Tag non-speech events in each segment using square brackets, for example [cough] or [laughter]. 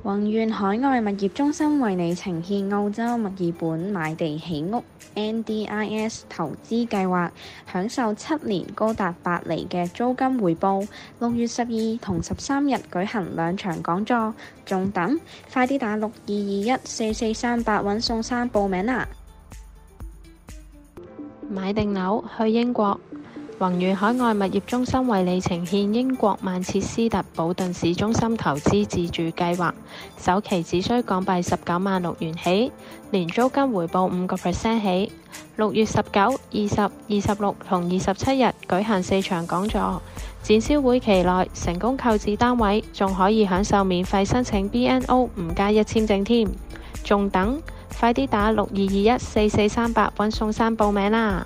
宏願海外物業中心為你呈現澳洲墨爾本買地起屋 NDIS 投資計劃，享受七年高達八厘嘅租金回報。六月十二同十三日舉行兩場講座，仲等？快啲打六二二一四四三八搵宋生報名啦！買定樓去英國。宏源海外物業中心為你呈獻英國曼徹斯特保頓市中心投資自住計劃，首期只需港幣十九萬六元起，年租金回報五個 percent 起。六月十九、二十、二十六同二十七日舉行四場講座，展銷會期內成功購置單位，仲可以享受免費申請 BNO 五加一簽證添。仲等？快啲打六二二一四四三八搵宋生報名啦！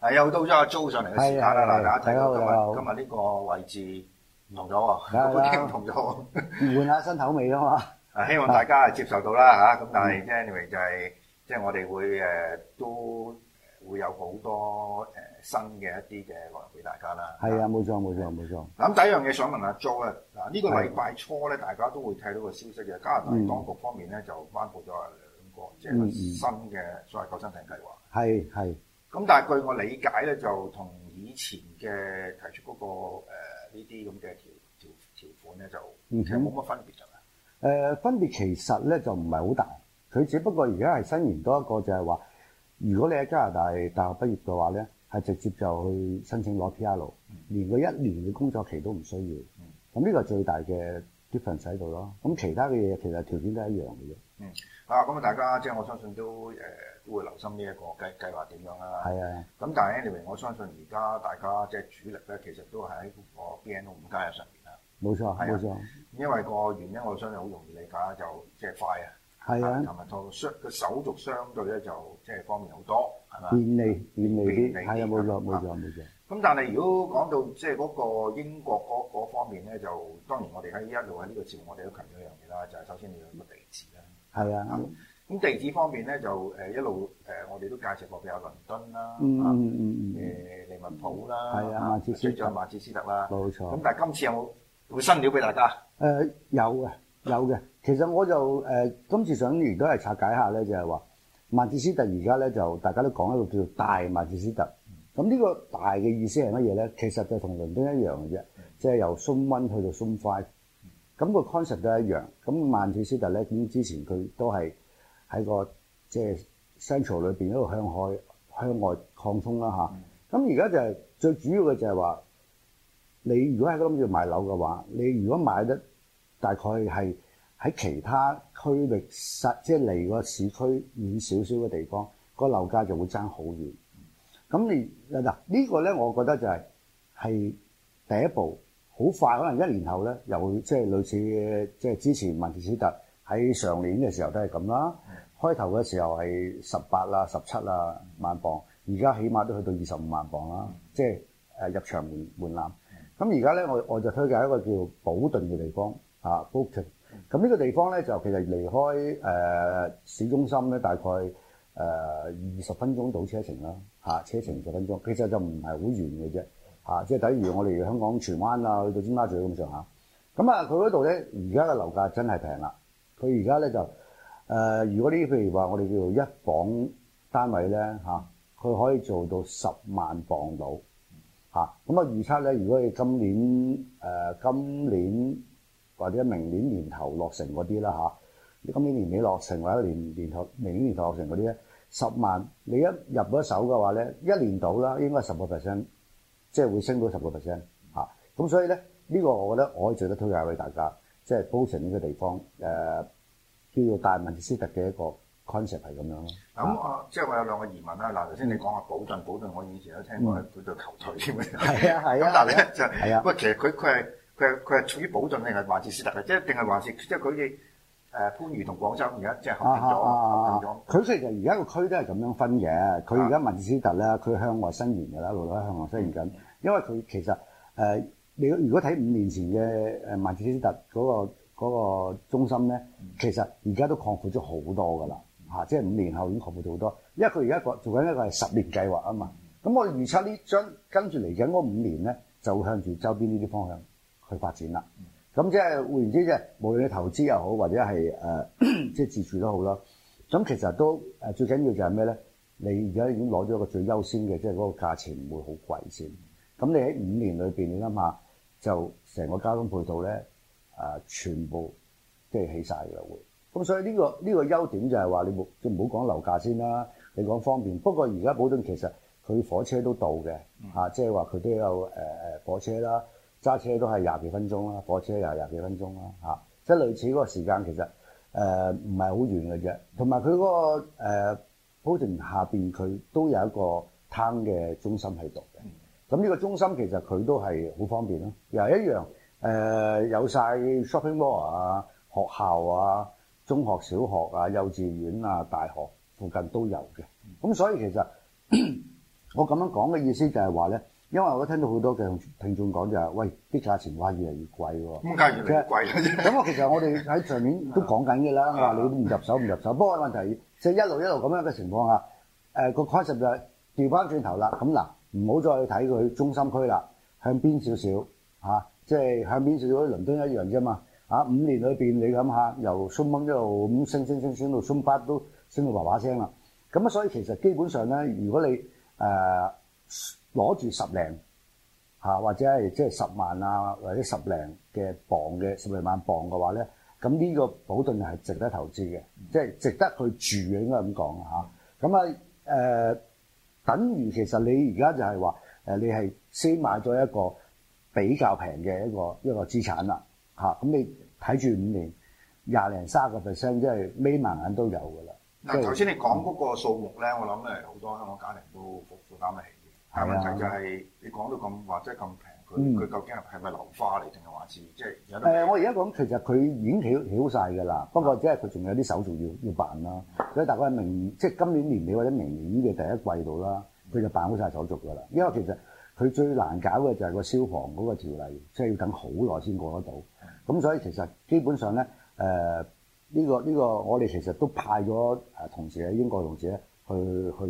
係又到咗阿 Jo 上嚟嘅時間啦，大家睇到今日今日呢個位置唔同咗啊，都驚唔同咗，換下新口味啊嘛。希望大家啊接受到啦吓，咁但係即係 anyway，就係即係我哋會誒都會有好多誒新嘅一啲嘅嚟俾大家啦。係啊，冇錯冇錯冇錯。咁第一樣嘢想問阿 Jo 啊，嗱呢個禮拜初咧，大家都會睇到個消息嘅，加拿大當局方面咧就頒布咗兩個即係新嘅所謂救生艇計劃。係係。咁但係據我理解咧，就同以前嘅提出嗰、嗰個呢啲咁嘅條條條款咧，就其實冇乜分別就係、呃、分別其實咧就唔係好大，佢只不過而家係新研多一個就係話，如果你喺加拿大大學畢業嘅話咧，係直接就去申請攞 PR、嗯、連佢一,一年嘅工作期都唔需要。咁呢、嗯、個最大嘅 difference 喺度咯。咁其他嘅嘢其實條件都係一樣嘅啫。嗯，啊咁啊，大家即係我相信都誒。呃都會留心呢一個計計劃點樣啦。係啊。咁但 w a y 我相信而家大家即係主力咧，其實都係喺嗰個 B N O 五加入上邊啦。冇錯，冇錯。因為個原因，我相信好容易理解，就即係快啊，同埋個相個手續相對咧就即係方便好多，係嘛？便利，便利啲。係啊，冇錯，冇錯，冇錯。咁但係如果講到即係嗰個英國嗰嗰方面咧，就當然我哋喺一路喺呢個節目，我哋都提到一樣嘢啦，就係首先你要有個地址啦。係啊，咁地址方面咧就誒一路誒，我哋都介紹過，譬如有倫敦啦，誒利物浦啦，係啊，曼徹斯特啦，冇錯。咁但係今次有冇新料俾大家啊？誒有嘅，有嘅。其實我就誒今次想如都係拆解下咧，就係話曼徹斯特而家咧就大家都講一個叫做大曼徹斯特。咁呢個大嘅意思係乜嘢咧？其實就同倫敦一樣嘅啫，即係由 soon one 去到 soon five。o 咁個 concept 都一樣。咁曼徹斯特咧，咁之前佢都係。喺個即係 central 裏邊一路向海向外擴充啦嚇，咁而家就係最主要嘅就係話，你如果喺度諗住買樓嘅話，你如果買得大概係喺其他區域，實即係離個市區遠少少嘅地方，個樓價就會爭好遠。咁你嗱、這個、呢個咧，我覺得就係、是、係第一步，好快可能一年後咧，又即係類似即係、就是、支持文治斯特。喺上年嘅時候都係咁啦，開頭嘅時候係十八啦、十七啦萬鎊，而家起碼都去到二十五萬鎊啦。即係誒入場門門檻。咁而家咧，我我就推介一個叫保頓嘅地方嚇，Bolton。咁、啊、呢個地方咧就其實離開誒、呃、市中心咧，大概誒二十分鐘到車程啦嚇、啊，車程十分鐘，其實就唔係好遠嘅啫嚇。即係例如我哋香港荃灣啊，去到尖沙咀咁上下。咁啊，佢嗰度咧而家嘅樓價真係平啦。佢而家咧就，誒，呃、如果呢譬如話，我哋叫做一房單位咧嚇，佢、啊、可以做到十萬磅到，嚇、啊。咁啊預測咧，如果你今年誒、呃、今年或者明年年頭落成嗰啲啦嚇，今年年尾落成或者年年頭明年年頭落成嗰啲咧，十萬你一入咗手嘅話咧，一年到啦，應該十個 percent，即係會升到十個 percent 嚇。咁、啊、所以咧，呢、這個我覺得我可以值得推介俾大家。即係保城呢個地方，誒叫做大文治斯特嘅一個 concept 係咁樣咯。咁我即係我有兩個疑問啦。嗱，頭先你講話保頓，保頓我以前都聽過佢保球隊添。係啊係啊。咁嗱咧就係啊。不過，其實佢佢係佢係佢係屬於保頓定係文治斯特即係定係文治，即係佢嘅誒番禺同廣州而家即係合併咗。合併咗。佢雖然就而家個區都係咁樣分嘅，佢而家文治斯特咧，佢向外伸延嘅啦，一路都向外伸延緊。因為佢其實誒。你如果睇五年前嘅誒曼徹斯特嗰、嗰個嗰個中心咧，其實而家都擴闊咗好多噶啦嚇，嗯、即係五年後已經擴闊咗好多。因為佢而家個做緊一個係十年計劃啊嘛，咁、嗯、我預測張呢張跟住嚟緊嗰五年咧，就向住周邊呢啲方向去發展啦。咁、嗯、即係換言之，即係無論你投資又好，或者係誒即係自住都好啦。咁其實都誒最緊要就係咩咧？你而家已經攞咗一個最優先嘅，即係嗰個價錢唔會好貴先。咁你喺五年裏邊，你諗下。就成個交通配套咧，啊，全部即係起晒嘅會。咁所以呢、呢個呢、呢個優點就係話你冇即唔好講樓價先啦，你講方便。不過而家保頓其實佢火車都到嘅，嚇、啊，即係話佢都有誒誒、呃、火車啦，揸車都係廿幾分鐘啦，火車又廿幾分鐘啦，嚇、啊。即係類似嗰個時間其實誒唔係好遠嘅啫。同埋佢嗰個誒保頓、呃、下邊佢都有一個攤嘅中心喺度。嗯咁呢個中心其實佢都係好方便咯，又一樣誒、呃，有晒 shopping mall 啊、學校啊、中學、小學啊、幼稚園啊、大學附近都有嘅。咁、嗯嗯、所以其實 [coughs] 我咁樣講嘅意思就係話咧，因為我聽到好多嘅聽眾講就係、是，喂啲價錢話越嚟越貴喎，咁梗、嗯就是、越嚟越貴咁啊， [laughs] 其實我哋喺上面都講緊嘅啦，話你唔入手唔入，入手。不過問題即、就、係、是就是、一路一路咁樣嘅情況下，誒個 concept 就調翻轉頭啦。咁、呃、嗱。唔好再去睇佢中心區啦，向邊少少嚇，即係、啊就是、向邊少少都倫敦一樣啫嘛。嚇，五年裏邊你諗下，由松檬一路咁升升升升到松巴都升到爸叭聲啦。咁啊、 [noise] [noise] 嗯，所以其實基本上咧，如果你誒攞住十零嚇、啊、或者係即係十萬啊或者十零嘅磅嘅十零萬磅嘅話咧，咁呢個保頓係值得投資嘅，即係值得去住嘅應該咁講嚇。咁啊誒。啊啊啊啊啊啊啊等於其實你而家就係話，誒你係先買咗一個比較平嘅一個一個資產啦，嚇、啊、咁、嗯、你睇住五年廿零三十個 percent，即係眯埋眼都有㗎啦。嗱頭先你講嗰個數目咧，嗯、我諗誒好多香港家庭都負負擔得起，的但係問題就係、是、的你講到咁或者咁平。佢、嗯、究竟係咪樓花嚟，定係話事？即係有得、呃？我而家講其實佢已經起起好晒嘅啦。不過，即係佢仲有啲手續要要辦啦。所以大概係明即係今年年尾或者明年嘅第一季度啦，佢就辦好晒手續嘅啦。因為其實佢最難搞嘅就係個消防嗰個條例，即、就、係、是、要等好耐先過得到。咁所以其實基本上咧，誒、呃、呢、這個呢、這個我哋其實都派咗誒同事喺英國同事咧去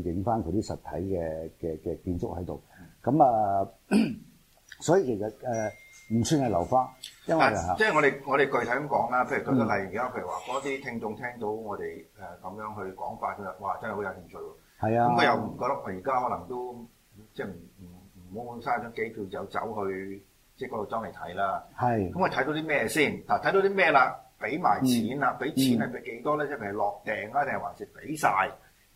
去影返佢啲實體嘅嘅嘅建築喺度。咁啊～ [coughs] 所以其實誒唔算係流花，因為啊，即係我哋我哋具體咁講啦，譬如講個例，而家譬如話，嗰啲聽眾聽到我哋誒咁樣去講法咧，哇，真係好有興趣喎，係啊、嗯，咁我又唔覺得我而家可能都即係唔唔唔好嘥張機票就走去即係嗰度裝嚟睇啦，係、就是，咁我睇到啲咩先？嗱，睇到啲咩啦？俾埋、嗯、錢啦，俾錢係俾幾多咧？即係譬如落訂啊，定係還是俾晒？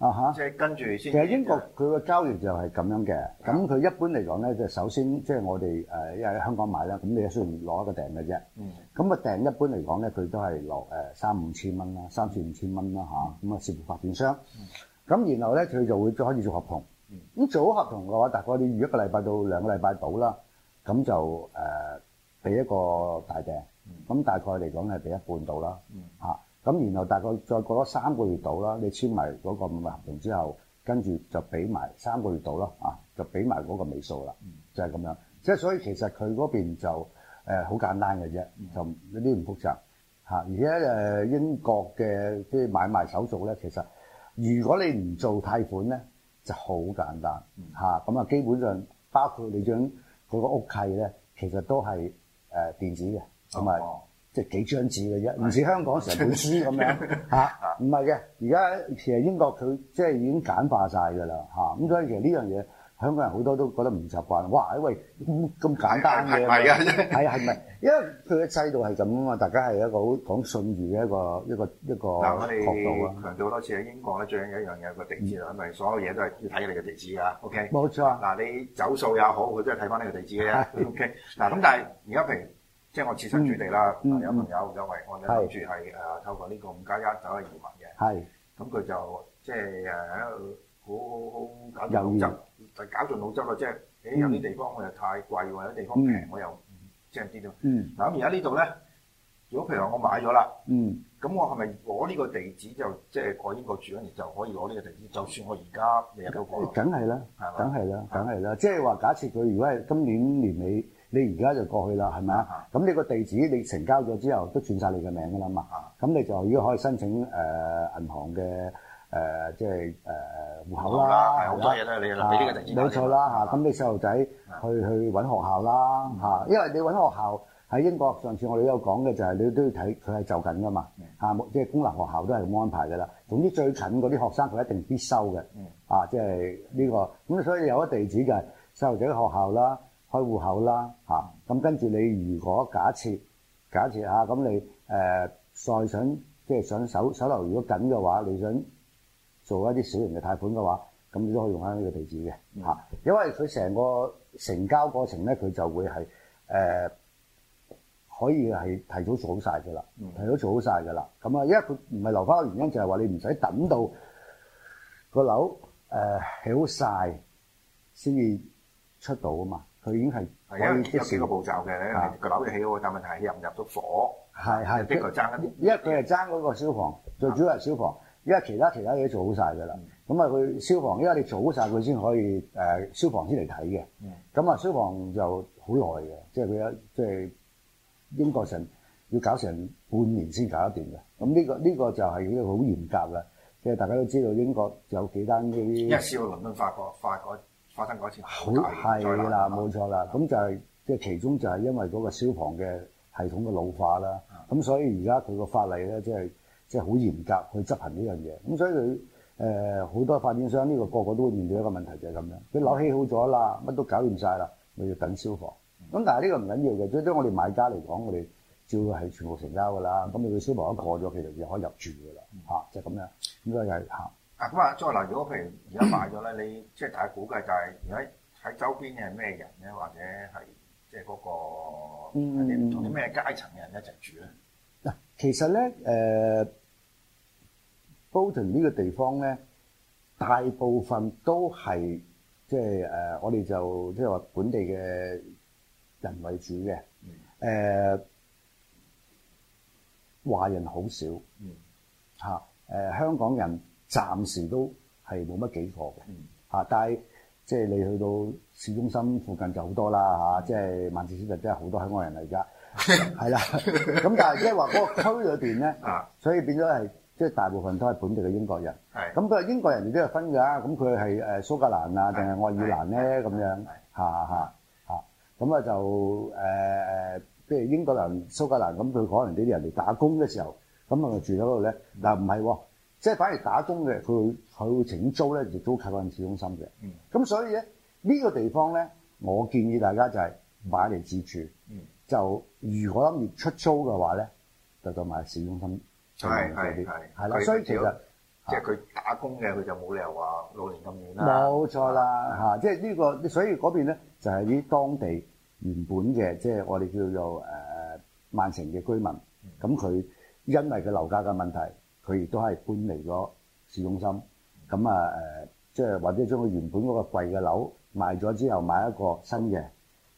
啊哈！即係跟住先。其實英國佢個交易就係咁樣嘅，咁佢一般嚟講咧，就首先即係我哋誒因為喺香港買啦，咁你就算攞一個訂嘅啫。嗯。咁個訂一般嚟講咧，佢都係落誒三五千蚊啦，三四五千蚊啦嚇。咁啊，事業發展商。嗯。咁然後咧，佢就會可以做合同。嗯。咁做好合同嘅話，大概你預一個禮拜到兩個禮拜到啦。咁就誒俾、呃、一個大訂。大啊、嗯。咁大概嚟講係俾一半到啦。嗯。咁然後大概再過咗三個月度啦，你簽埋嗰個合同之後，跟住就俾埋三個月度咯，啊，就俾埋嗰個尾數啦，就係、是、咁樣。即係、嗯、所以其實佢嗰邊就誒好、呃、簡單嘅啫，嗯、就一啲唔複雜嚇。而且誒英國嘅即係買賣手續咧，其實如果你唔做貸款咧，就好簡單嚇。咁啊、嗯嗯、啊，基本上包括你將佢、那個屋契咧，其實都係誒、呃、電子嘅，咁啊。嗯。即係幾張紙嘅啫，唔似香港成本書咁樣嚇，唔係嘅。而家其實英國佢即係已經簡化晒㗎啦嚇，咁、啊、所以其實呢樣嘢香港人好多都覺得唔習慣。哇！喂，咁簡單嘅係係唔係？因為佢嘅制度係咁啊嘛，大家係一個好講信譽嘅一個一個一個角度啊。強調好多次啊，英國咧最緊要一樣嘢個地址啊，咪、嗯、所有嘢都係要睇你嘅地址啊。OK，冇錯、啊。嗱你走數也好，佢都係睇翻你嘅地址嘅。OK，嗱咁、 [laughs] 啊、但係而家譬如。即係我切身住地啦，有朋友因為我哋諗住係誒透過呢個五加一走去移民嘅，咁佢就即係誒好好好絞盡腦汁，就絞盡腦汁啦！即係有啲地方我又太貴或者地方平我又即係啲啦。嗱咁而家呢度咧，如果譬如我買咗啦，咁我係咪攞呢個地址就即係過英國住一年就可以攞呢個地址？就算我而家未有過啦，梗係啦，梗係啦，梗係啦！即係話假設佢如果係今年年尾。你而家就過去啦，係咪啊？咁你個地址你成交咗之後，都轉晒你嘅名㗎啦嘛。咁你就如果可以申請誒、呃、銀行嘅誒，即係誒戶口啦。好多嘢都係你你呢個地址。冇錯啦，嚇！咁你細路仔去去揾學校啦，嚇、啊！因為你揾學校喺英國，上次我哋有講嘅就係你都要睇佢係就近㗎嘛。嚇！即係公立學校都係咁安排㗎啦。總之最近嗰啲學生佢一定必收嘅。啊，即係呢個咁，所以有咗地址就係細路仔學校啦。開戶口啦，嚇、啊！咁跟住你，如果假設假設嚇，咁、啊、你誒、呃、再想即係想手手頭如果緊嘅話，你想做一啲小型嘅貸款嘅話，咁你都可以用翻呢個地址嘅嚇、啊，因為佢成個成交過程咧，佢就會係誒、呃、可以係提早做好晒嘅啦，提、嗯、早做好晒嘅啦。咁啊，因為佢唔係留翻個原因，就係、是、話你唔使等到個樓誒、呃、起好晒先至出到啊嘛。佢已經係可以一少個步驟嘅，因為個樓起喎，但問題入唔入到伙。係係，邊個爭一啲。因為佢係爭嗰個消防，是的 最主要係消防。因為其他其他嘢做好晒㗎喇。咁啊，佢消防，因為你做好晒佢先可以誒消防先嚟睇嘅。咁、呃、啊，消防，、嗯、消防就好耐嘅，即係佢一即係英國成要搞成半年先搞得掂嘅。咁呢、這個呢、這個就係一個好嚴格嘅，即係大家都知道英國有幾單呢啲。一試去倫敦、法國、法發生過一次，好係啦，冇錯啦，咁就係即係其中就係因為嗰個消防嘅系統嘅老化啦，咁、嗯、所以而家佢個法例咧、即係，即係即係好嚴格去執行呢樣嘢，咁所以佢誒好多發展商呢、呢個個個都會面對一個問題就係、係、咁樣，佢樓起好咗啦，乜都搞掂晒啦，咪要等消防，咁、嗯、但係呢個唔緊要嘅，即係對我哋買家嚟講，我哋照係全部成交㗎啦，咁、嗰、你個消防一過咗，其實就可以入住㗎啦，嚇、嗯嗯，就咁、係、樣，應該係嚇。咁啊，再例如，如果譬如而家買咗咧，你即係大家估計就係而家喺周邊嘅係咩人咧，或者係即係嗰個同啲咩階層嘅人一齊住咧？嗱，其實咧，誒、呃、Bolton 呢個地方咧，大部分都係即係誒、呃，我哋就即係話本地嘅人為主嘅，誒、呃，華人好少，嚇、嗯，誒、啊呃，香港人。暫時都係冇乜幾個嘅，嚇！但係即係你去到市中心附近就好多啦嚇、啊，即係曼徹斯特真係好多海外人嚟㗎，係啦。咁 [laughs] 但係即係話嗰個區裏邊咧，啊、所以變咗係即係大部分都係本地嘅英國人。係咁佢係英國人亦都有分㗎，咁佢係誒蘇格蘭啊定係愛爾蘭咧咁樣嚇嚇嚇。咁啊就誒即係英格蘭、蘇格蘭咁，佢可能啲人嚟打工嘅時候咁咪住喺嗰度咧，但唔係喎。即係反而打工嘅，佢佢請租咧，亦都靠近市中心嘅。咁、嗯、所以咧，呢個地方咧，我建議大家就係買嚟自住。就如果諗要出租嘅話咧，就就買市中心。係係係。係啦，所以其實即係佢打工嘅，佢就冇理由話路遠咁遠啦。冇錯啦，嚇！ [laughs] 即係呢個，所以嗰邊咧就係啲當地原本嘅，即、就、係、是、我哋叫做誒曼城嘅居民。咁佢、嗯、因為佢樓價嘅問題。佢亦都係搬離咗市中心，咁啊誒，即係或者將佢原本嗰個貴嘅樓賣咗之後，買一個新嘅，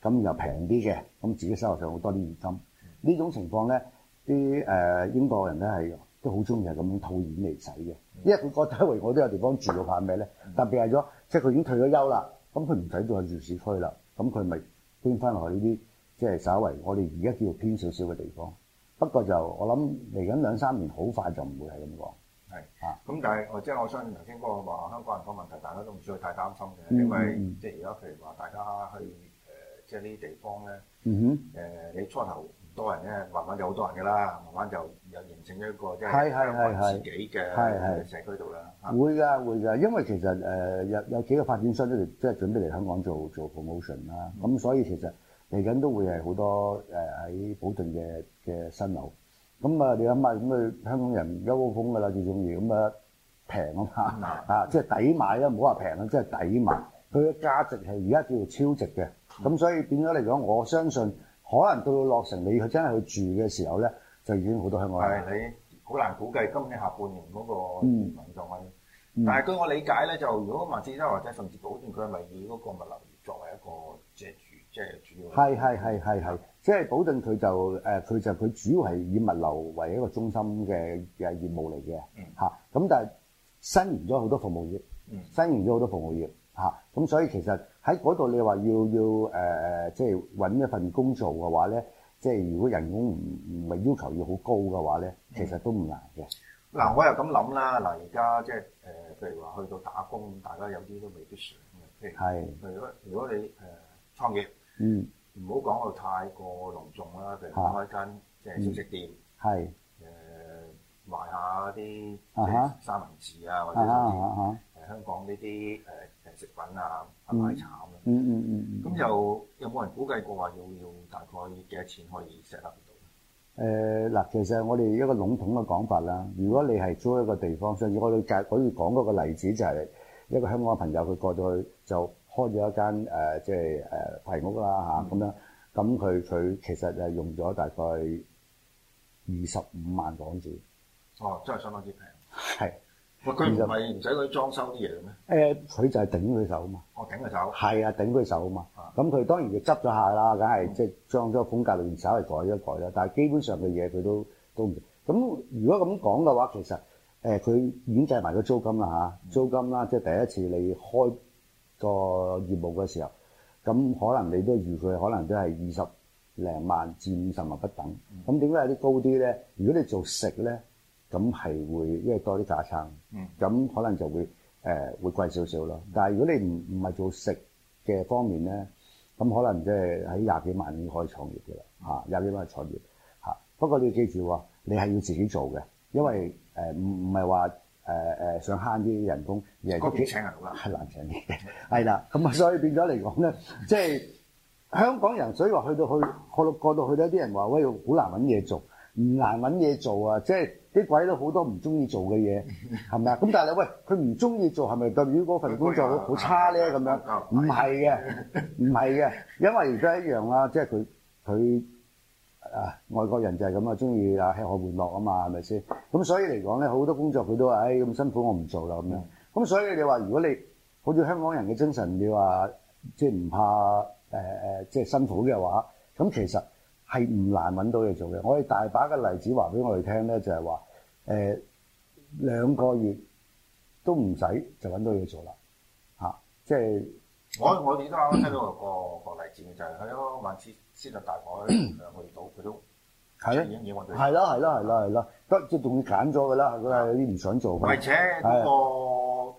咁又平啲嘅，咁自己收入上好多啲現金。呢種情況咧，啲誒、呃、英國人咧係都好中意係咁套現嚟使嘅，因為佢覺得為我都有地方住，怕咩咧？特別係咗，即係佢已經退咗休啦，咁佢唔使再去住市區啦，咁佢咪搬翻落去呢啲，即係稍為我哋而家叫做偏少少嘅地方。不過就我諗嚟緊兩三年好快就唔會係咁講，係是啊。咁但係我即係我相信頭先嗰個話香港人嗰問題，大家都唔需要太擔心嘅，嗯、因為、嗯、即係而家譬如話大家去誒、呃，即係呢啲地方咧，誒、嗯哼呃、你初頭唔多人咧，慢慢就好多人嘅啦，慢慢就又形成一個即係自己嘅社區度啦、嗯。會㗎會㗎，因為其實誒、呃、有有幾個發展商咧，即係準備嚟香港做做 promotion 啦，咁、啊、所以其實。嚟緊都會係好多誒喺保頓嘅、嘅新樓，咁啊你諗下咁嘅香港人一窩蜂噶啦，最中意，咁、嗯、啊平啊嘛啊即係抵買啦，唔好話平啦，即係抵買。佢嘅價值係而家叫做超值嘅，咁、嗯、所以變咗嚟講，我相信可能到落成你去真係去住嘅時候咧，就已經好多香港人。你好難估計今年下半年嗰個民狀啦，就是。嗯嗯，但係據我理解咧，就如果麥子洲或者甚至保頓，佢係咪以嗰個物流作為一個？即係主要係，係係係係即係保頓佢就誒佢就佢主要係以物流為一個中心嘅嘅業務嚟嘅。嚇咁但係新完咗好多服務業，新完咗好多服務業嚇，咁所以其實喺嗰度你話要要誒即係揾一份工做嘅話咧，即係如果人工唔唔係要求要好高嘅話咧，其實都唔難嘅。嗱，我又咁諗啦，嗱，而家即係誒譬如話去到打工，大家有啲都未必想嘅，譬如係，如果如果你誒創業。嗯，唔好講到太過隆重啦。譬如開間即係小食店，係誒賣下啲三文治啊，或者、就係啊啊呃、香港呢啲誒食品啊，奶茶啦、嗯。嗯嗯嗯。咁、嗯、又有冇人估計過話要用大概幾多錢可以食得到？嗱、呃，其實我哋一個籠統嘅講法啦。如果你係租一個地方，所以我哋介可以講嗰個例子就係一個香港嘅朋友，佢過到去,去就。開咗一間誒，即係誒平屋啦嚇，咁、啊、樣咁佢佢其實就係用咗大概二十五萬港紙。哦，真係相當之平。係是。佢唔係唔使佢裝修啲嘢嘅咩？誒、啊，佢就係頂佢手啊嘛。我、哦、頂佢手。係啊，頂佢手啊嘛。咁、啊、佢、啊嗯、當然就執咗下啦，梗係即係裝咗個風格裏面稍為改一改啦。但係基本上嘅嘢佢都都唔。咁如果咁講嘅話，其實誒佢、呃、已經計埋咗租金啦嚇、啊，租金啦，即係第一次你開。個業務嘅時候，咁可能你都預佢，可能都係二十零萬至五十萬不等。咁、嗯、點解有啲高啲咧？如果你做食咧，咁係會因為多啲架撐，咁可能就會誒、呃、會貴少少咯。但係如果你唔唔係做食嘅方面咧，咁可能即係喺廿幾萬已經可以創業嘅啦。嚇、嗯，廿、啊、幾萬創業嚇、啊。不過你要記住喎、啊，你係要自己做嘅，因為誒唔唔係話。呃誒誒、呃，想慳啲人工，而係佢請人啦，係難請嘅，係啦，咁啊，所以變咗嚟講咧，即、就、係、是、香港人，所以話去到去過到過到去咧，啲人話喂好難揾嘢、就是、做，做，唔難揾嘢做啊，即係啲鬼都好多唔中意做嘅嘢，係咪啊？咁但係喂，佢唔中意做，係咪對於嗰份工作好差咧？咁樣唔係嘅，唔係嘅，因為而家一樣啦，即係佢佢。啊！外國人就係咁啊，中意啊吃喝玩樂啊嘛，係咪先？咁所以嚟講咧，好多工作佢都話，誒、哎、咁辛苦我唔做啦咁樣。咁所以你話，如果你抱住香港人嘅精神，你話即係唔怕誒誒，即係、呃、辛苦嘅話，咁其實係唔難揾到嘢做嘅。我哋大把嘅例子話俾我哋聽咧，就係話誒兩個月都唔使就揾到嘢做啦，嚇、啊、即係。我我哋都啱啱睇到個個例子就係係咯，萬次先就大概兩兩個月到，佢都係咯，係咯，係咯，係咯，都即仲要揀咗嘅啦，佢係有啲唔想做。而且嗰個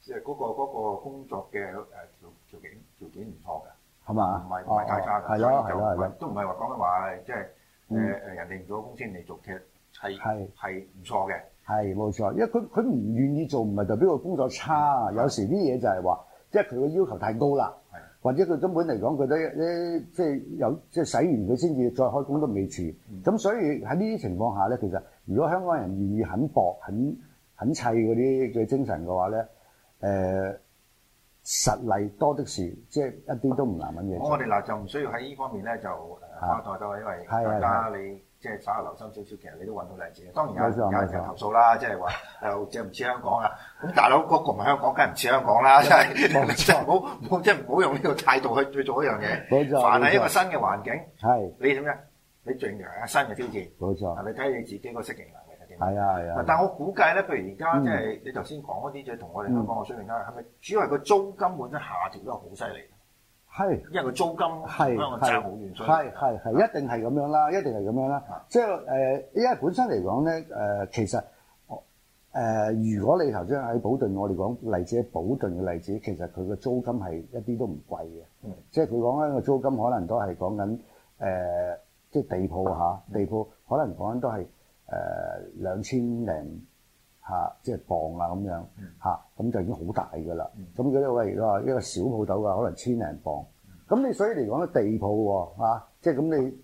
即係嗰個嗰個工作嘅誒條條件條件唔錯嘅，係嘛？唔係唔係太差嘅，就都唔係話講緊話誒，即係誒誒人哋做工先嚟做其實係係係唔錯嘅，係冇錯，因為佢佢唔願意做，唔係代表佢工作差，有時啲嘢就係話。即係佢嘅要求太高啦，係，或者佢根本嚟講佢都咧，即係有即係洗完佢先至再開工都未遲。咁、嗯、所以喺呢啲情況下咧，其實如果香港人願意肯搏、肯肯砌嗰啲嘅精神嘅話咧，誒、呃、實例多的是，即係一啲都唔難揾嘢做。我哋嗱就唔需要喺呢方面咧，就交代多，因為大家你。即係稍下留心少少，其實你都揾到例子嘅。當然有有有人投訴啦，即係話又即係唔似香港啊！咁大佬個局香港，梗係唔似香港啦，真係真係唔好即係唔好用呢個態度去去做一樣嘢。冇錯，凡係一個新嘅環境，係的你點咧？你盡量啊，新嘅挑戰。冇錯的，係咪睇下你自己個適應能力係點？係啊係啊。但係我估計咧，譬如而家、嗯、即係你頭先講嗰啲，就同我哋香港嘅水平啦，係咪、嗯、主要係個租金本身下調都好犀利？係，因為個租金，係係係，一定係咁樣啦，一定係咁樣啦。是即係誒、呃，因為本身嚟講咧，誒、呃，其實，誒、呃，如果你頭先喺保頓，我哋講例子，喺保頓嘅例子，其實佢嘅租金係一啲都唔貴嘅。嗯、即係佢講緊個租金可能都係講緊誒，即係地鋪嚇，地鋪可能講緊都係誒兩千零。嚇，即係磅啊咁樣嚇，咁、嗯、就已經好大噶啦。咁嗰啲我哋話一個小鋪頭啊，可能千零磅。咁、嗯、你所以嚟講，地鋪啊，即係咁你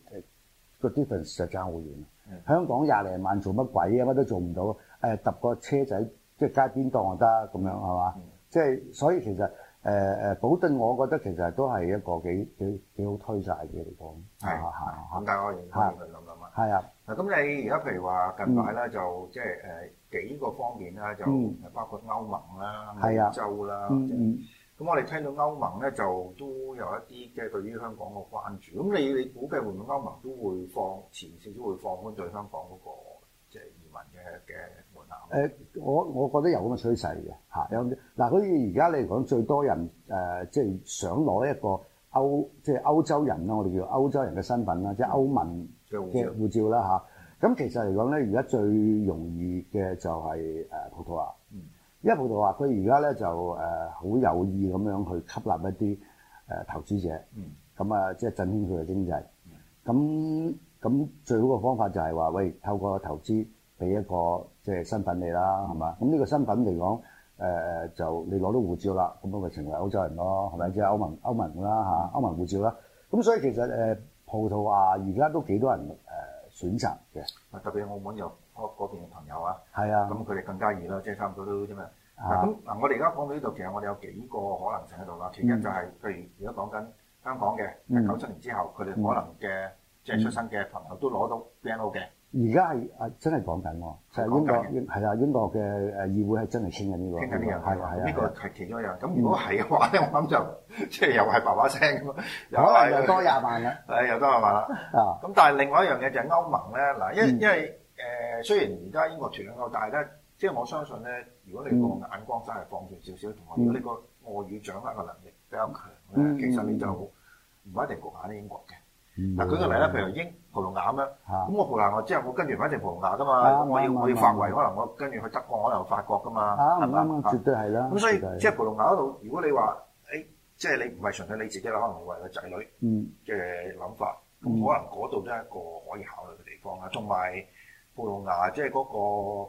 個 difference 就爭好遠。嗯、香港廿零萬做乜鬼啊？乜都做唔到。誒、啊，揼個車仔即係、就是、街邊檔就得咁樣係嘛？即係、嗯就是、所以其實。誒誒，保頓我覺得其實都係一個幾幾幾好推晒嘅嚟講，係係強大外援咁樣啊，係啊。嗱，咁你而家譬如話近排咧，就即係誒幾個方面咧，就包括歐盟啦、歐洲啦。咁我哋聽到歐盟咧就都有一啲即係對於香港個關注。咁你你估計會唔會歐盟都會放前次都會放寬在香港嗰個即係移民嘅嘅？誒、呃，我我覺得有咁嘅趨勢嘅嚇。有、啊、嗱，好似而家你嚟講最多人誒，即、呃、係、就是、想攞一個歐，即、就、係、是、歐洲人啦，我哋叫歐洲人嘅身份啦，即、就、係、是、歐盟嘅護照啦嚇。咁、啊啊、其實嚟講咧，而家最容易嘅就係誒葡萄牙，因為葡萄牙佢而家咧就誒好、呃、有意咁樣去吸納一啲誒投資者，咁啊即係、就是、振興佢嘅經濟。咁、啊、咁最好嘅方法就係話喂，透過投資。俾一個即係身份你啦，係嘛？咁呢個身份嚟講，誒、呃、就你攞到護照啦，咁樣咪成為歐洲人咯，係咪？即、就、係、是、歐盟歐盟啦吓、啊，歐盟護照啦。咁所以其實誒、呃，葡萄牙而家都幾多人誒、呃、選擇嘅。特別澳門有嗰邊嘅朋友啊，係啊，咁佢哋更加易咯，即係差唔多都啫嘛。咁嗱、啊，我哋而家講到呢度，其實我哋有幾個可能性喺度啦。其中就係、是、譬、嗯、如如果講緊香港嘅九七年之後，佢哋可能嘅即係出生嘅朋友都攞到 BNO 嘅。而家啊，真係講緊喎，就係英國，係啦，英國嘅誒議會係真係傾緊呢個，傾緊呢樣，係啊，呢個係其中一樣。咁如果係嘅話咧，我諗就即係又係爸爸聲咁啊，可能又多廿萬啦。又多廿萬啦。啊，咁但係另外一樣嘢就係歐盟咧嗱，因因為誒，雖然而家英國脫咗歐，但係咧，即係我相信咧，如果你個眼光真係放遠少少，同埋如果你個外語掌握嘅能力比較強咧，其實你就唔一定局限喺英國嘅。嗱舉個例啦，譬如英葡萄牙咁樣，咁我葡萄牙我之後我跟住唔一定葡萄牙噶嘛，我要我要發圍，可能我跟住去德國，可能法國噶嘛，係嘛？絕對係啦。咁所以即係葡萄牙嗰度，如果你話誒，即係你唔係純粹你自己啦，可能為個仔女嘅諗法，咁可能嗰度都係一個可以考慮嘅地方啦，同埋。葡萄牙即係嗰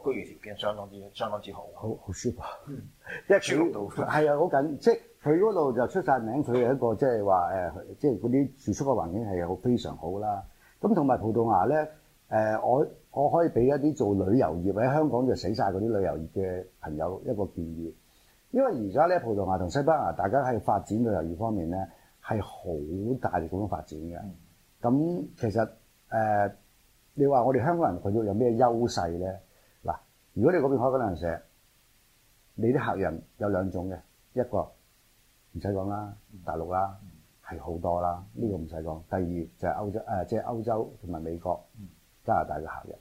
個居住條件相當之，相當之好，好好舒服。嗯，即係住嗰度，係啊，好緊，即係佢嗰度就出晒名，佢係一個即係話誒，即係嗰啲住宿嘅環境係好非常好啦。咁同埋葡萄牙咧，誒，我我可以俾一啲做旅遊業喺香港就死晒嗰啲旅遊業嘅朋友一個建議，因為而家咧葡萄牙同西班牙，大家喺發展旅遊業方面咧係好大力咁樣發展嘅。咁其實誒。呃你話我哋香港人佢要有咩優勢咧？嗱，如果你嗰邊開間旅行社，你啲客人有兩種嘅，一個唔使講啦，大陸啦係好多啦，呢個唔使講。第二就係歐洲，誒即係歐洲同埋美國、加拿大嘅客人。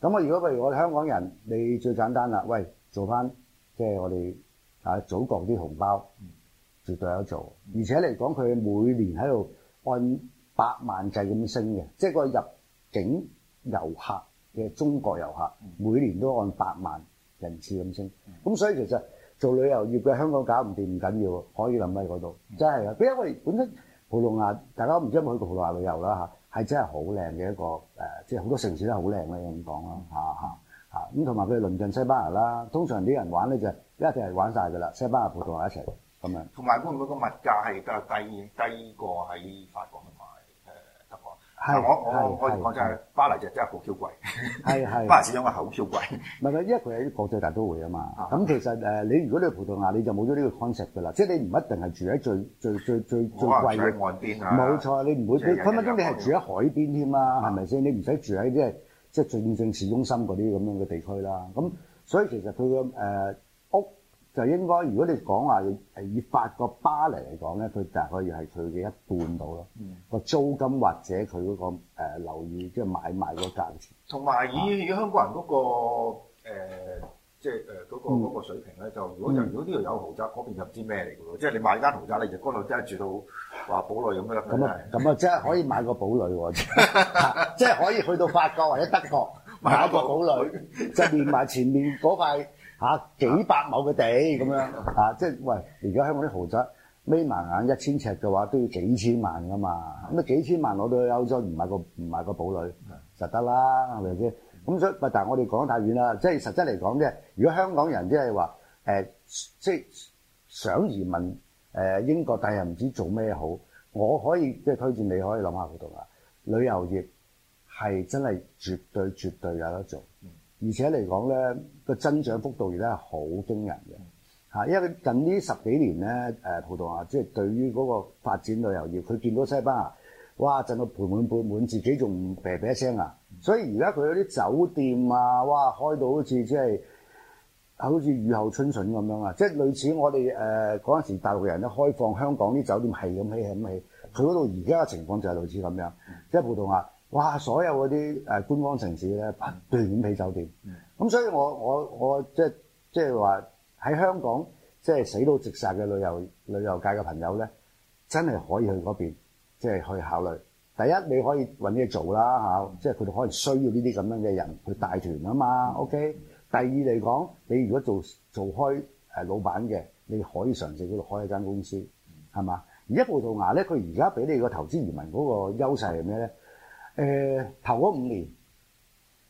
咁我如果譬如我哋香港人，你最簡單啦，喂，做翻即係我哋啊祖國啲紅包，絕對有做。而且嚟講，佢每年喺度按百萬計咁升嘅，即係個入境。遊客嘅中國遊客每年都按百萬人次咁升，咁所以其實做旅遊業嘅香港搞唔掂唔緊要，可以諗喺嗰度，真係啊！因為本身葡萄牙，大家唔知有冇去過葡萄牙旅遊啦嚇，係真係好靚嘅一個誒，即係好多城市都好靚嘅，咁講啦嚇嚇嚇！咁同埋佢鄰近西班牙啦，通常啲人玩咧就一定係玩晒㗎啦，西班牙、葡萄牙一齊咁樣。同埋嗰個個物價係都係低低過喺法國。係，我我我我講真係，巴黎就真係好超貴。係係，巴黎市中心係好超貴。唔係唔係，因為佢喺國際大都會啊嘛。咁是的 其實誒，你如果你去葡萄牙，你就冇咗呢個 concept 㗎啦。即係你唔一定係住喺最最最最最貴嘅岸邊啊。冇錯，你唔會，佢分分鐘你係住喺海邊添啦，係咪先？你唔使住喺即係即係最正市中心嗰啲咁樣嘅地區啦。咁所以其實佢嘅誒屋。就應該，如果你講話誒以法國巴黎嚟講咧，佢大概係佢嘅一半到咯。個租金或者佢嗰個留意，即係買賣嗰價錢。同埋以香港人嗰、嗰個、呃、即係誒嗰個水平咧，就如果如果呢度有豪宅，嗰邊就唔知咩嚟㗎喎。即係你買間豪宅，你就嗰度真係住到話堡壘咁㗎啦。咁啊咁啊， [laughs] 即係可以買個堡壘喎，即係可以去到法國或者德國買一個堡壘個， [laughs] 就係連埋前面嗰塊。嚇幾百畝嘅地咁樣，嚇、 [laughs] 啊、即係喂！而家香港啲豪宅眯埋眼一千尺嘅話，都要幾千萬噶嘛。咁啊 [laughs] 幾千萬攞到去歐洲，唔買個唔買個堡壘，實得啦，係咪先？咁所以， [laughs] 但係我哋講太遠啦。即係實質嚟講，即係如果香港人即係話誒，即係想移民誒英國，但係又唔知做咩好，我可以即係推薦你可以諗下嗰度啊。旅遊業係真係絕對絕對，絕對有得做，而且嚟講咧。個增長幅度而家係好驚人嘅嚇，因為近呢十幾年咧，誒葡萄牙即係對於嗰個發展旅遊業，佢見到西班牙，哇，震到盆滿缽滿，自己仲唔啤啤聲啊！所以而家佢有啲酒店啊，哇，開到好似即係好似雨後春筍咁樣啊！即係類似我哋誒嗰陣時大陸人咧開放香港啲酒店係咁起係咁起，佢嗰度而家嘅情況就係類似咁樣，即係葡萄牙。哇！所有嗰啲誒觀光城市咧，不斷起酒店。咁、嗯、所以我我我即係即係話喺香港，即係死到直殺嘅旅遊旅遊界嘅朋友咧，真係可以去嗰邊，即係去考慮。第一，你可以揾嘢做啦嚇、啊，即係佢哋可能需要呢啲咁樣嘅人去帶團啊嘛。OK。第二嚟講，你如果做做開誒老闆嘅，你可以嘗試嗰度開一間公司，係嘛？而家葡萄牙咧，佢而家俾你個投資移民嗰個優勢係咩咧？誒，頭嗰五年，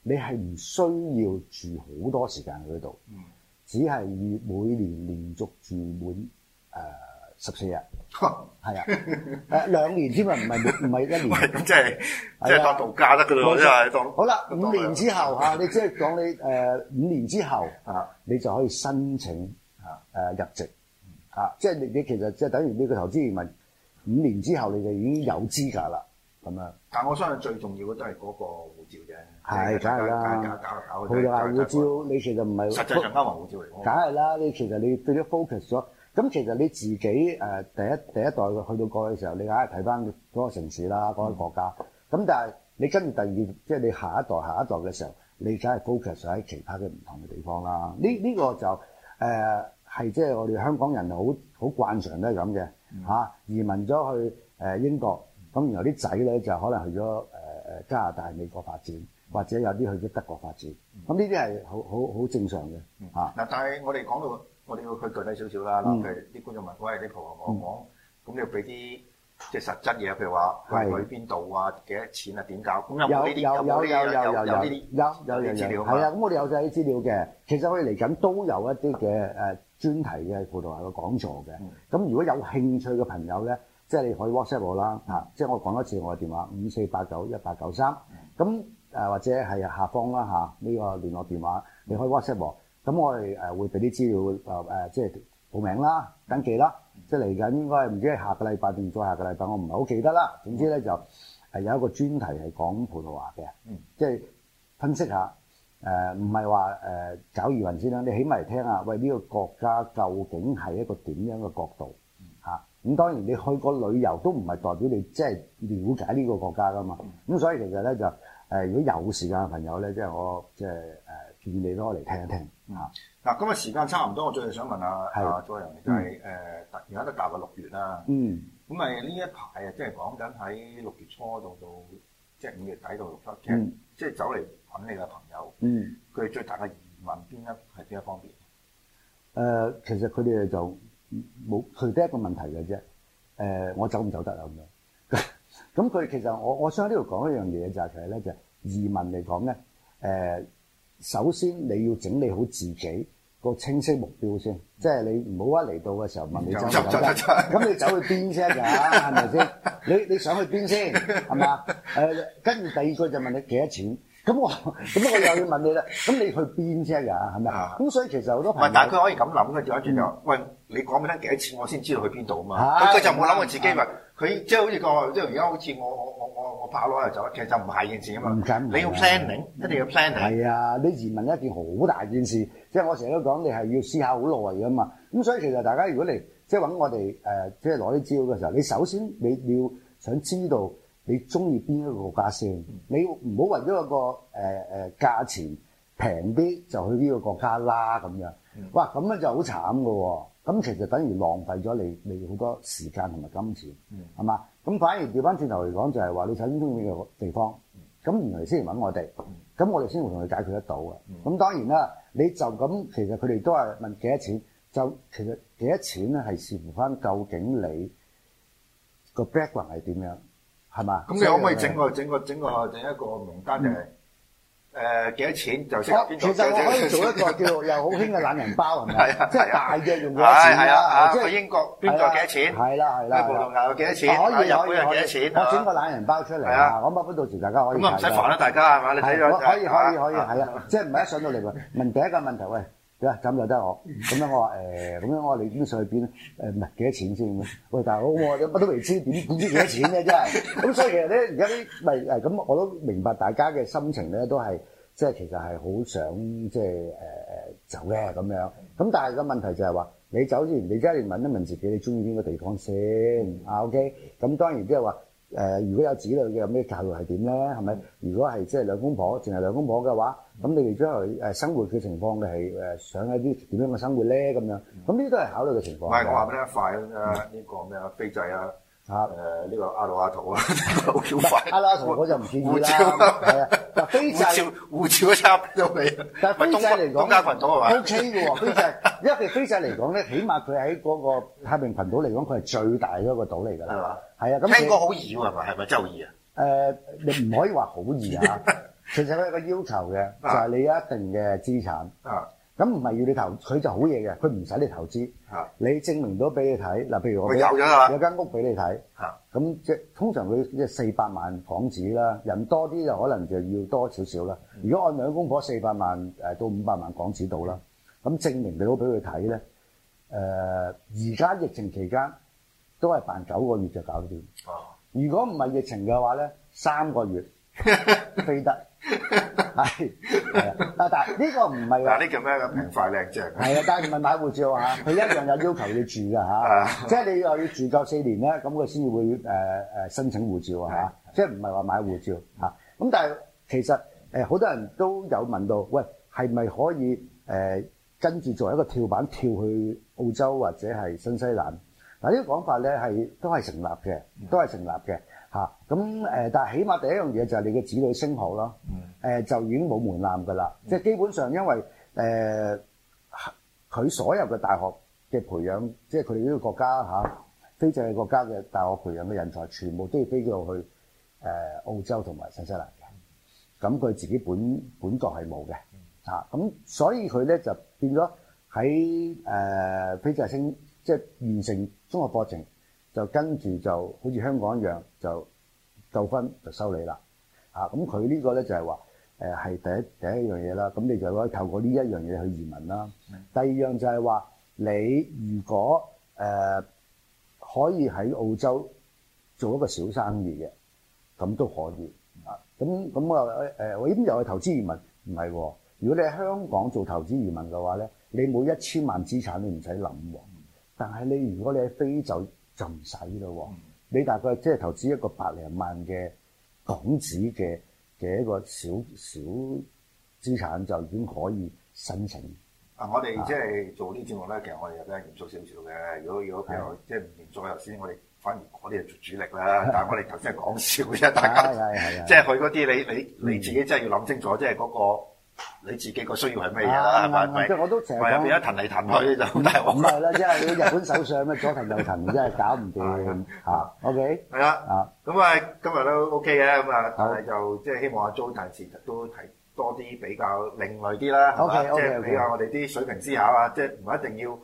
你係唔需要住好多時間喺度，只係要每年連續住滿誒十四日，係啊，誒兩年添啊，唔係唔係一年，即係即係當度假得噶啦，好啦，五年之後吓，你即係講你誒五年之後啊，你就可以申請啊誒入籍，啊，即係你你其實即係等於你個投資移民五年之後，你就已經有資格啦。咁啊，但我相信最重要嘅都係嗰個護照啫，係梗係啦。佢話護照，你其實唔係實際上攤橫護照嚟，梗係啦。你其實你對啲 focus 咗，咁其實你自己誒第一第一代去到過去嘅時候，你梗係睇翻嗰個城市啦，嗰、嗰個國家。咁、嗯、但係你跟住第二，即係你下一代、下一代嘅時候，你梗係 focus 喺其他嘅唔同嘅地方啦。呢呢、嗯、個就誒係即係我哋香港人好好慣常都係咁嘅嚇，移民咗去誒英國。咁然後啲仔咧就可能去咗誒誒加拿大、美國發展，或者有啲去咗德國發展。咁呢啲係好好好正常嘅嚇。嗱，但係我哋講到我哋要佢具體少少啦。嗱，譬如啲觀眾問，喂，啲葡萄牙講，咁你俾啲即係實質嘢，譬如話去邊度啊？幾多錢啊？點搞？咁有冇呢啲？有有有有有有有呢啲？有有資料。係啊，咁我哋有曬啲資料嘅。其實我哋嚟緊都有一啲嘅誒專題嘅葡萄牙嘅講座嘅。咁如果有興趣嘅朋友咧。即係你可以 WhatsApp 我啦，嚇！即係我講多次我嘅電話，五四八九一八九三。咁誒、呃、或者係下方啦嚇，呢、啊呢個聯絡電話你可以 WhatsApp 我。咁我哋誒會俾啲資料誒誒、呃，即係報名啦、登記啦。即係嚟緊應該係唔知係下個禮拜定再下個禮拜，我唔係好記得啦。總之咧就係有一個專題係講葡萄牙嘅，嗯、即係分析下誒，唔係話誒走移民先啦。你起碼嚟聽下，喂呢、呢個國家究竟係一個點樣嘅角度？咁當然，你去個旅遊都唔係代表你即係了解呢個國家噶嘛。咁、嗯嗯、所以其實咧就誒、呃，如果有時間嘅朋友咧，即係我即係誒建議你都可嚟聽一聽。嗱，嗱，今日時間差唔多，我最想問阿阿 Joe 兄，就係、是、誒，而、呃、家都踏入六月啦。嗯，咁咪呢一排啊，即係講緊喺六月初度到即係五月底到六七月，即係、嗯、走嚟揾你嘅朋友。嗯，佢哋最大嘅疑問邊一係邊一方面？誒、呃，其實佢哋就。冇，佢得一個問題嘅啫，誒、呃，我能能走唔走得咁樣？咁、嗯、佢其實我我想喺呢度講一樣嘢就係、是，其實咧就移民嚟講咧，誒、呃，首先你要整理好自己個清晰目標先，即係你唔好一嚟到嘅時候問你走唔走，咁、啊、你走去邊先啊？係咪先？你你想去邊先？係嘛？誒、呃，跟住第二個就問你幾多錢？咁我，咁 [laughs] 我又要問你啦。咁你去邊啫？呀？係咪啊？咁所以其實好多朋友，但係佢可以咁諗嘅，一轉就，喂，你講俾我聽幾多錢，我先知道去邊度啊嘛。佢佢就冇諗佢自己話，佢即係好似個，即係而家好似我我我我怕我拍攞嚟走，其實就唔係件事啊嘛。唔緊要，你要 planning，啊、一定要 planning。係啊，你移民一件好大件事，即係我成日都講，你係要思考好耐嘅嘛。咁所以其實大家如果你即係揾我哋誒，即係攞啲資料嘅時候，你首先你要想知道。你中意邊一個國家先？嗯、你唔好為咗一個誒誒、呃、價錢平啲就去呢個國家啦咁樣。嗯、哇，咁樣就好慘噶喎，啊！咁其實等於浪費咗你你好多時間同埋金錢，係嘛，嗯？咁反而調翻轉頭嚟講，就係話你首先中意個地方，咁原來先嚟揾我哋，咁、嗯、我哋先會同佢解決得到嘅。咁、嗯、當然啦，你就咁其實佢哋都係問幾多錢，就其實幾多錢咧係視乎翻究竟你個 background 係點樣。係嘛？咁你可唔可以整個整個整個整一個名單？就係誒幾多錢就先，其實可以做一個叫又好興嘅懶人包，係咪？即係大約用幾多錢？係啊，即係英國邊個幾多錢？係啦係啦，葡萄牙幾多錢？可以可以可以。我整個懶人包出嚟。係啊，咁啊，到時大家可以唔使煩啦，大家係嘛？可以可以可以，係啊！即係唔係一上到嚟問？問第一個問題喂。點啊？咁又得我咁樣，我話誒，咁樣我話、欸、你點想去邊咧？誒、欸，唔係幾多錢先？喂，大佬，我乜都未知，點點知幾多錢咧？真係咁，所以其實咧，而家啲咪誒，咁我都明白大家嘅心情咧，都係即係其實係好想即係誒誒走嘅咁樣。咁但係個問題就係話，你走之前，你而家要問一問自己，你中意邊個地方先？嗯、啊，OK。咁當然即係話。誒、呃、如果有子女嘅，有咩教育係點咧？係咪？如果係即係兩公婆，淨係兩公婆嘅話，咁你哋將來誒生活嘅情況係誒想一啲點樣嘅生活咧？咁樣，咁呢啲都係考慮嘅情況。唔係我話俾你聽，快啲呢個咩飛仔啊啊誒呢、呢個阿老阿土啊，呵呵 [laughs] 阿老阿土我就唔建議啦。飛仔護照都插到尾，但係飛仔嚟講，東加群島係嘛？O K 嘅喎，飛仔，因為佢飛仔嚟講咧， [laughs] 起碼佢喺嗰個太平洋群島嚟講，佢係最大嗰個島嚟噶啦，係嘛吧？係啊，咁應該好易喎，係咪？係咪真好易啊？誒，你唔可以話好易啊！其實佢個要求嘅就係、是、你有一定嘅資產啊。 [laughs] 咁唔係要你投，佢就好嘢嘅，佢唔使你投資。你，投資是的 你證明到俾你睇，嗱，譬如我有，有間屋俾你睇，咁是的 即通常佢即係四百萬港紙啦，人多啲就可能就要多少少啦。如果按兩公婆四百萬誒到五百萬港紙度啦，咁證明到俾佢睇咧，誒而家疫情期間都係辦九個月就搞掂。如果唔係疫情嘅話咧，三個月飛得。 [laughs] [laughs] 係，係啊， [laughs] 但係呢個唔係話，呢咁樣嘅平快靚正係啊，但係唔係買護照啊，佢一樣有要求你住噶吓，即係你又要住夠四 [laughs] 年咧，咁佢先至會誒誒申請護照吓， [laughs] 即係唔係話買護照吓。咁 [laughs] 但係其實誒，好多人都有問到，喂，係咪可以誒、呃、跟住做一個跳板，跳去澳洲或者係新西蘭？嗱，呢個講法咧係都係成立嘅，都係成立嘅。咁誒，但係起碼第一樣嘢就係你嘅子女升學咯，誒、嗯呃、就已經冇門檻噶啦，嗯、即係基本上因為誒佢、呃、所有嘅大學嘅培養，即係佢哋呢個國家嚇、啊、非洲嘅國家嘅大學培養嘅人才，全部都要飛到去誒、呃、澳洲同埋新西蘭嘅，咁佢、嗯、自己本本國係冇嘅，嚇咁、嗯啊、所以佢咧就變咗喺誒非洲升，即係完成中學課程，就跟住就好似香港一樣就，夠分就收你啦，啊咁佢呢個咧就係話，誒、呃、係第一第一樣嘢啦，咁你就可以透過呢一樣嘢去移民啦。的第二樣就係話，你如果誒、呃、可以喺澳洲做一個小生意嘅，咁都可以啊。咁咁啊誒，我點、呃、又去投資移民？唔係喎，如果你喺香港做投資移民嘅話咧，你冇一千萬資產你唔使諗，但係你如果你喺非洲就唔使咯喎。嗯你大概即係投資一個百零萬嘅港紙嘅嘅一個小小資產就已經可以申請。啊！啊我哋即係做節目呢啲業務咧，其實我哋又真係嚴肅少少嘅。如果如果譬如即係唔嚴肅頭先，的我哋反而我哋係主力啦。的但係我哋頭先係講笑啫， [laughs] 大家即係佢嗰啲你你的的你自己真係要諗清楚，即係嗰個。你自己個需要係咩嘢啦？即係我都成日講，變咗一騰嚟騰去就咁。係啦，即係你日本首相咩左騰右騰，真係搞唔掂咁。嚇，OK，係啦。啊，咁啊，今日都 OK 嘅咁啊，但係就即係希望阿 Jo 下次都提多啲比較另類啲啦，係嘛？即係俾下我哋啲水平思考啊，即係唔一定要。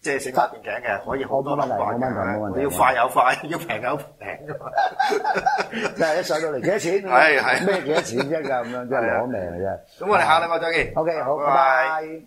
即係食側邊頸嘅，可以好多粒嘅，冇問題，冇問題，要快有快，要平有平。即係一上到嚟幾多錢？係係咩幾多錢啫？咁 [laughs] 樣即係攞命啫。咁 [laughs] 我哋下禮拜再見。OK，好，拜。Bye bye.